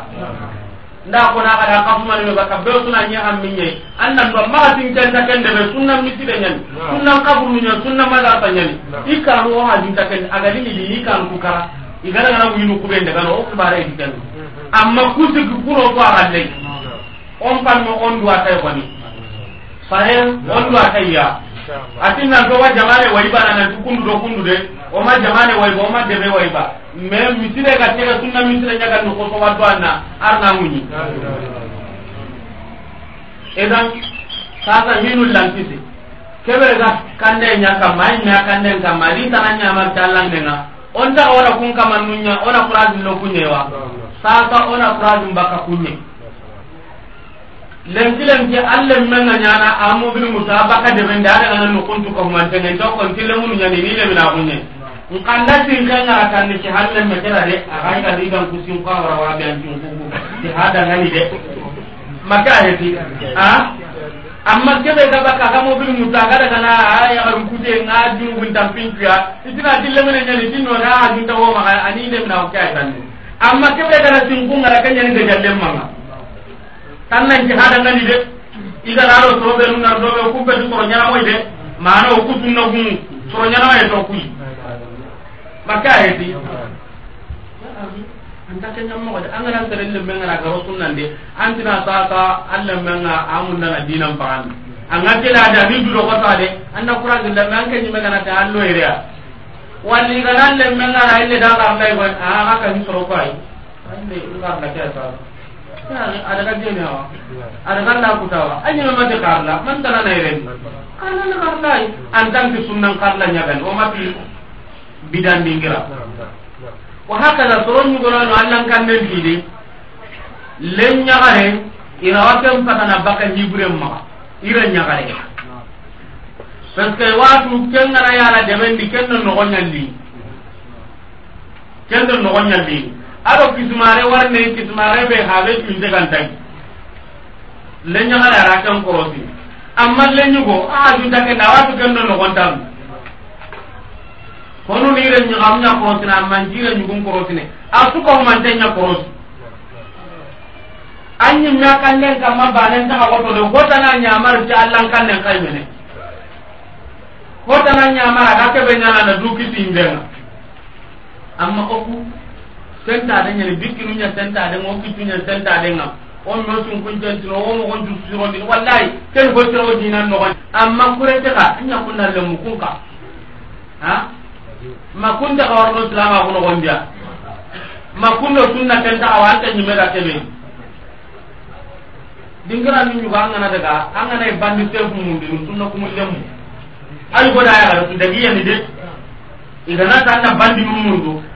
nda ko na kada ka fuma ne ba ka be sunna nya am minye annan ba ma tin kan ta kan da sunna mi ti da nyan sunna ka buru nyan sunna ma da ta nyan ikka ro ha din ta kan aga ni di ikka ku kara igara na winu ku be daga mhm. no ku bare di kan amma ku ti ku ro ko ara le on kan mo on dua ta ko ni sahen on dua ta ya ati nanto wa jamane waiba nananti kundu do kundu de oma jamane waiba oma debe waiba mais misire ga tega sunna misire ñagandi kosowa do anna arna ŋuñi edan sasa hinu lantisi kebere ga kande nya kamma ay nya kande kamma mali tana nya ma dalan nenga on ora kun kama ona kuradu lo kunyewa sasa ona kurazi mbaka kunye lenkilenke allen menga ñana amobini musa baka deɓende aɗeganano kuntukomantege to kontilemunuñani ni leminaxuñe nkanda sinkengaatanni ke hallen metera de axaygadigan ku sinkoawarawaɓeancinkuku ke hadangani de make aheti a amma keɓe ga baka ka mobini musa gaɗagana ayaarum kute nga jungunta pincuya itina dillemene ñani tinnoone a juntawomaxa ani leminaxu ke ahetanni amma keɓe gana sinkungara ke ñani ga jallen maga tan nan hada ngani de iga laro to be ngar do be kubbe to nyana moy de mana o kutu na gumu to nyana e to kuyi maka e di anta ke nyam mo de angara tere le men ngara garo sunnan de antina ta ta alla men nga amun na dinan paran anga ke la da ni du do ko ta de an na qur'an de men ke nyime kana ta allo ere ya walli kana le men ngara ile da ka mai wa a ah, ka ni soro ko ai ai ne ngara ka ta saare adaga jeni awa adaga la kutawa añeme mati karla man darana yeren karlani karlay an tanti sunnan karla ñagani o mati bidandingira wa hakada soro ñugorano allan kannen tidi len ñagare irawa ken fatana baka hibren maxa ira ñagare parce que watu ken ngara yala demendi kenno nogoñalli kenno nogoñallini aɗo kismare warne kismare ɓe haɓe cuntegantay leñagara ara ken korosi amma leñugo a cuntakenda awatu kenno nogontan konu ni ren ñaxam ña korosine amma jire ñugum korosine a sukaxumante ña korosi a ñimmea kannden kamma banen taxa wotode wotana ñamar ci a lankannden xay mene wotana ñamar aga keɓe ñanana du kisi mbenga amma oku senta de nyere dikinu nya senta de mo kitu nya senta de nga on no sun kun tan tro o mo gon ju siro ni wallahi ken ho tro o dinan no gon amma ah, kure te ka nya kun na le mu kun ka ha ah? ma kun ta war no islam ko no gon dia ma kun no sunna ken ta awan ta nyime da tebe dingara ni nyuga ngana daga angana e bandi te fu mun dum sunna ko mun lemu ay goda ya ga to dagi ya ni de igana ta na bandi mun mun do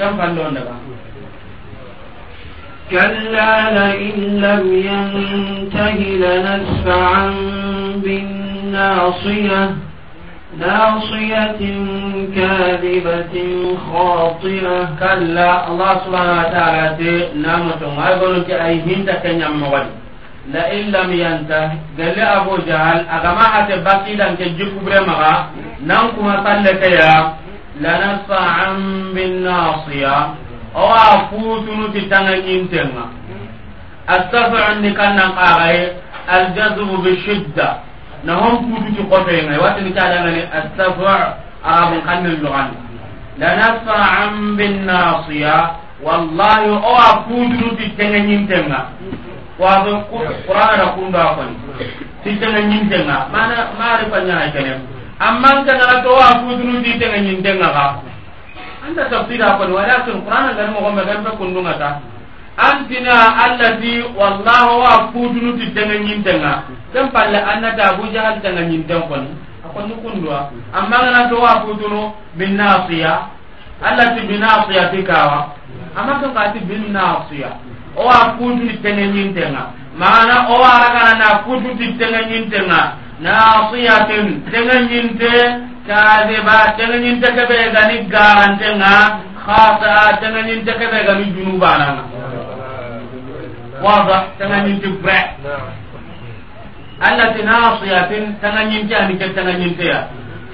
كم فلون دبا كلا لئن لم ينته لنسفعا بالناصية ناصية كاذبة خاطئة كلا الله سبحانه وتعالى نامتهم أيضا كأيهن تكن يمغل لئن لم ينته قال أبو جهل أغماحة بقيدا كجفو برمغا نانكما صلك يا lanasfa'an bin nasiya awa futunu titanga nyintenga astafi'un ni kannan qaraye aljazbu bi shidda na hon futu ti qotenga wati ni kada ngani astafi' arabun kannil lugan lanasfa'an bin nasiya wallahi awa futunu titanga nyintenga wado qur'ana da kunda amman tengana towa kudunu di tenga nyin tenga ka anda tafsir apa ni wala sun quran ngal mo gombe kan be kundu ngata antina allazi wallahu wa kudunu di tenga nyin tenga kan palle annata abu jahal tenga nyin tenga kon akon ni kundu amma ngana towa kudunu min nasiya allati bi nasiya tikawa amma to ka ti bin nasiya o wa kudunu di tenga nyin tenga mana o wa ragana na kudunu di tenga nyin tenga nasiyatin tegeñinte kadiba tegeñinte keɓe gani garantenga khasa tegeñinte keɓe gani junubananga wada tegeñinti vrai allati nasiyatin tegeñinte ani ke tegeñinteya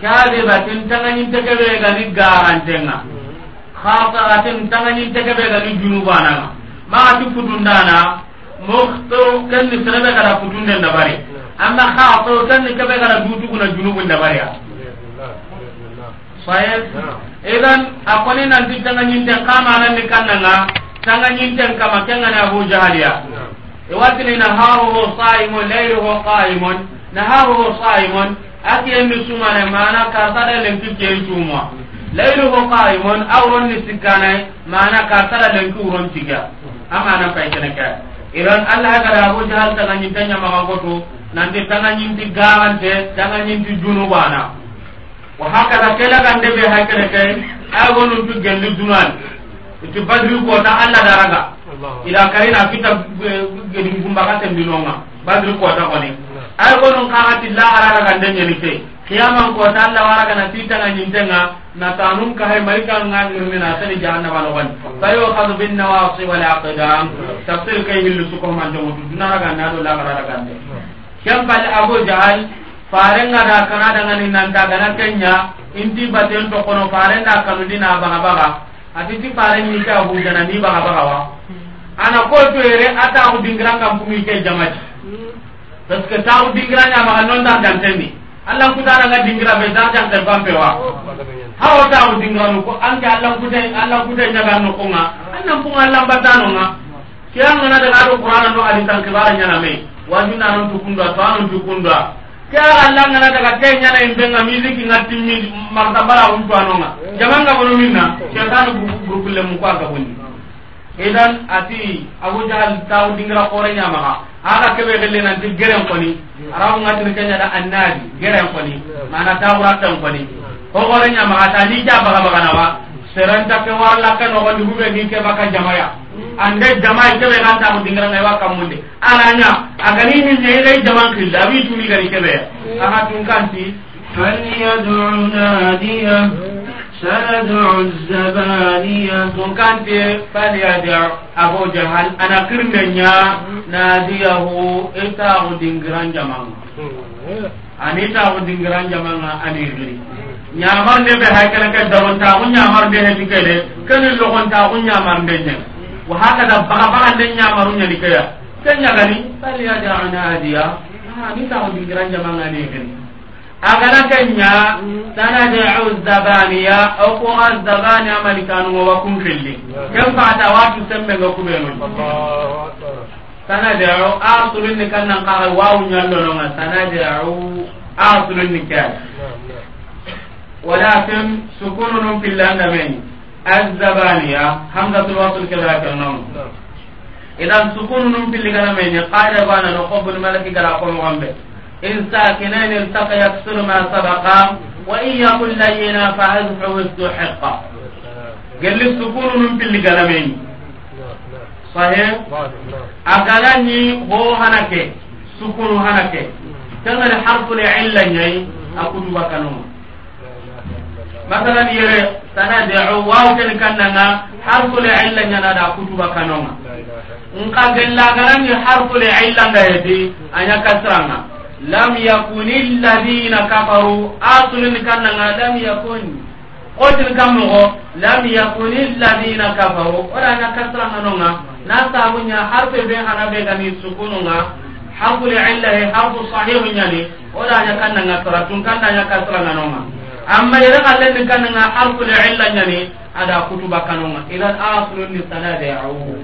kadibatin tegeñinte keɓe gani garantenga khasaatin tegeñinte keɓe gani junubananga maxati futundana moxto kenni serebe gada futunden dabari anda ka to tanni ke be gara dutu kuna junubu nda bariya faye idan akoni nan ti tanga nyinte kama nan ni kananga tanga nyinte kama kenga na abu jahaliya e watini na haru ho saimo leilu ho qaimon na haru ho saimon aki en ni sumane mana ka sada len ti ke chumwa leilu ho qaimon awron ni sikana mana ka sada len ku ron tiga amana pa ikene kae iran allah agara abu jahal tanga nyinta nyama kagoto nanti tanga nyinti garante tanga nyinti junu bana wa hakala kela kande be hakala kai ago nun tu gelli dunan itu badri ko ta allah daraga ila karina fita eh, gedi ngumba katen dinonga badri ko ta koni ago nun kaati la ara kande nyeni kai kiyaman kota allah waragana titanga ñintenga na tanum kahay marikanunga ngirmina seni jahannaba nogani fayoukadu binnawasi walaqidan tafsir kay hillu sukomantegutu dunaragande ado lagararagande ken pali abo jahal farenga da kanadangani nanta gana kenya inti baten tokono faren da kanudi na bagabaga atiti faren ñike abujana ni bagabaga wa ana ko toyere ataku dingirangam kumike jamati parce que taku dingiraña maga non da dantenni allah kutanaga dingirabe dajangel bampewa hawotawo dingiranu ko anke allah kute allah kute ñagannu kunga annan kunga allah mbattanonga kiyangana daga do qurana no adi tan kibara ñaname wajunanon tukundua to anon tukundua ke a allah ngana daga ke ñana in benga musique nga timmi martabala wuntuanonga jamangabono min na cetanu grupulle mu ko anga bonni idan ati abu jahal taw dingra kore nyama ha aga kebe gelle nan tib gere ngoni ara mu ngati kenya da annadi gere ngoni mana taw ratta ngoni ko kore nyama ata di jaba ba kana wa seranta ke wala ka no ngi rube ngi ke baka jamaya ande jamaya kebe nan taw dingra ngai wa kam munde aranya aga ni ni ne ile jaman kilda bi tumi gani kebe aga tungkan ti فليدع ناديه سندع الزبانية وكان في فليدع أبو جهل أنا كرنيا ناديه إتاغ دنجران جمعنا أني تاغ جران جمعنا أني غري nyamar ne be kala ka dawon ta kun nyamar be hedi dikele kan lo hon ta kun nyamar be ñe wa haka da baka baka ne nyamar ñe ni kaya kan ñagani fali ya da ana ha ni ta on dingiran jamanga ni kene agana kenya mm. dana de uzdabaniya au ko azdabaniya malikanu wa kun kelli mm. kan fa ta watu sembe ga kubeno sana de au asulun ni kan nan qara wa nyallo no sana de au asulun ni kan walakin sukunun fil andamin azdabaniya hamdatul wasl kala kanon idan sukunun fil kana men qara bana no qabul malaki gara ko mo إن ساكنين التقي يكسر ما سبقا وإن يقل لينا فأزح واستحق قال لي السكون من في القلمين صحيح أقلني هو هنك سكون هنك تغل حرف لعلة أقول وكانون مثلا يرى تنادع واو تلكننا حرف لعلة ينادع كتب إن كنون لا قلنا حرف لعلة يدي أنا كسرنا lam yakun illadina kafaru asulini kannaga lam yakun otin kammogo lam yakun illadina kafaru oɗana kasrananoga na sabuya harfe ɓe hana ɓe gani sukununga harfu li illahi harfu sahihu ñani oɗana kannaga kratun kannaña kasrananoga amma yere kalle ni kan nga arfu li illa nyani ada kutuba kanonga ila asru li salati a'udhu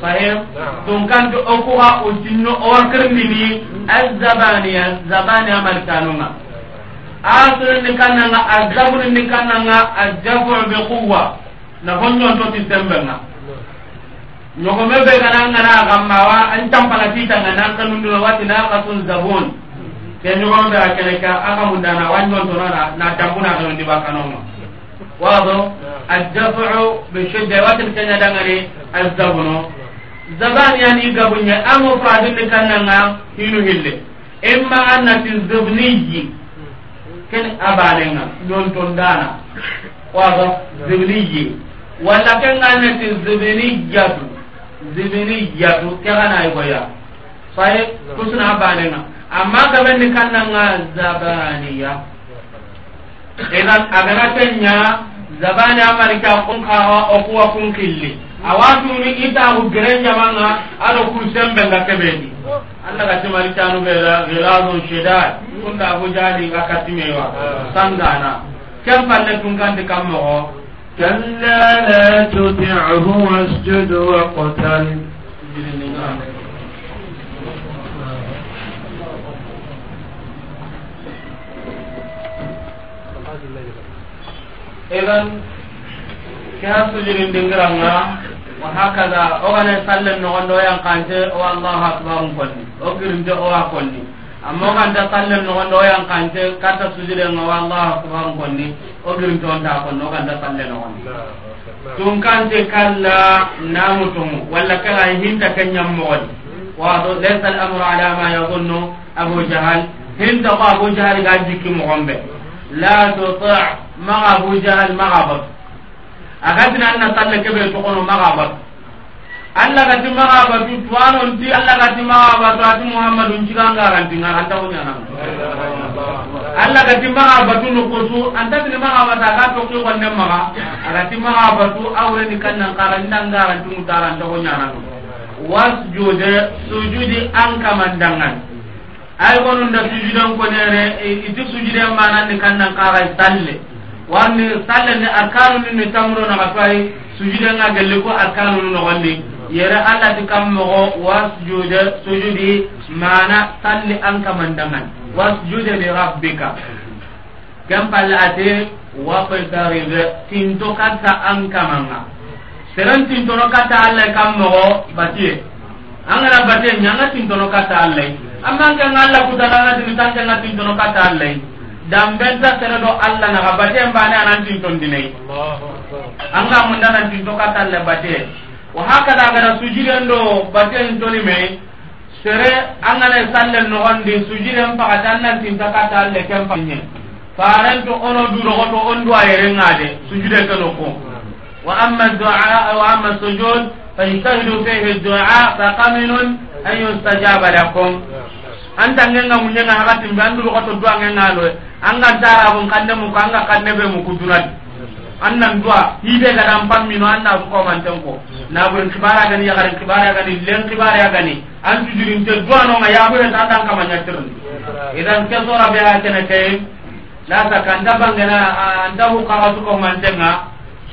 sahih don kan to oku ha o jinno o wakir ni ni azabaniya zabaniya mal kanonga asru ni kan nga azabru ni kan nga azabu bi quwwa na honno to ti tembenga nyogo mebe kana nga na gamma wa an tampala tita nga na kanundu wa tinaka tun zabun kenyogon be a kene ka aga mundana wañontonona na dambuna ganondi bakkanonga waado addafu bishidda watin kenya dangani azzabuno zaban yani gabunya amo fradinni kannanga hinu hille imma annati zubniyi ken abanenga dana. waado zubniyi walla ken annati zubniyatu zubniyatu keganayigoya saye kusuna abanenga amma gabenni kannanga zabaniya ihan agana kenya zabani amarike akunkawa okuwa kunkilli awatuni itahu gerenyamanga ado kursembe nga kebeni anna gatimari canu velazon shedad kunda abujadi akatimewa sangana kem palle tunkandi kammogo كلا لا تطعه واسجد وقتل idan kiha sujudin dingiranga wa hakaza ogane sallen nogondo yan kante o allahu akbar konni o oh girinte owa konni amma oganta sallan nogondo o yan kante katta sujudenga wa allahu akbar konni o oh girinte onta konni oganta salle nogondo tun kante kalla namutumu walla kaga hinta kenyammogondi wado laysa alamru ala ma yadunnu abu jahal hinta ko abu jahal ga jikki mogonɓe la tuta maga abu jahal maga batu akatina anna talle kebe tokono maga batu alla gati maga batu tuwanon ti alla gati maga batu ati muhammadu nchiga anga ranti nga ranta wunya nga alla gati maga batu nukosu anta tini maga batu akato kwe kwa nemaga akati maga batu awre ni kanya nkara nda nga ranti muta ranta wunya nga wasjude sujudi anka mandangan ay wonu nda sujudan ko nere iti sujudan manan ni kanna kara talle wanni sallani arkanu nu ni tamro na kafai sujude nga gelli ko arkanu nu nogondi yere alla ti kam mogo wasjude sujudi mana salli an kamandangan wasjude li rabbika gam palle ate waqtarib tinto katta an kamanga seren tintono katta alla kam mogo batie angana batie nyanga tintono katta alla amma ngana alla kutala ngati tanga ngati tintono katta alla dambenta sere do allah naxa batien mbane anantin tondinayi anga munda nantin to katalle batie wa hakada gara sujiden do batien toni mai sere anganay salle noxondi sujiden pakati annantin ta katalle kempaie farento ono durogoto on duwa yerengade sujude ke noko wa ama dua wa ama sujud fayjtahidu fihi dua fa kaminun an yustajaba lakum anta ngenga munyenga hakati timbe andu ko to dua ngenga lo anga tara bun kanne mu kanga kande be mu kutunat annan dua hibe ga dan pam mino anna ko man tanko na burin kibara gani ya garin kibara gani len kibara ya gani an juri te dua no ma ya bure ta dan kama nyatirin idan ke sora be ha kana te la ta kanda bangana anda ko ka ko man so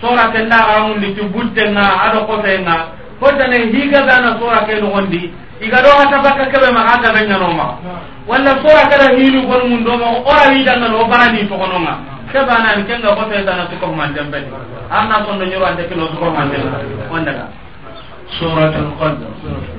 sora ke na ndi mun litu butte na ado ko tenga ko tane higa ga na sora ke no gondi igado ha tabakka keɓema ha gaɓeñanoma walla sora kada hiinu gon mum ɗoma ora widangano o barani toxononga keɓanani kenga fo fetana sukormanten ɓen arna sonno ñoro ande kilo sukormanten wandaga suratul qadr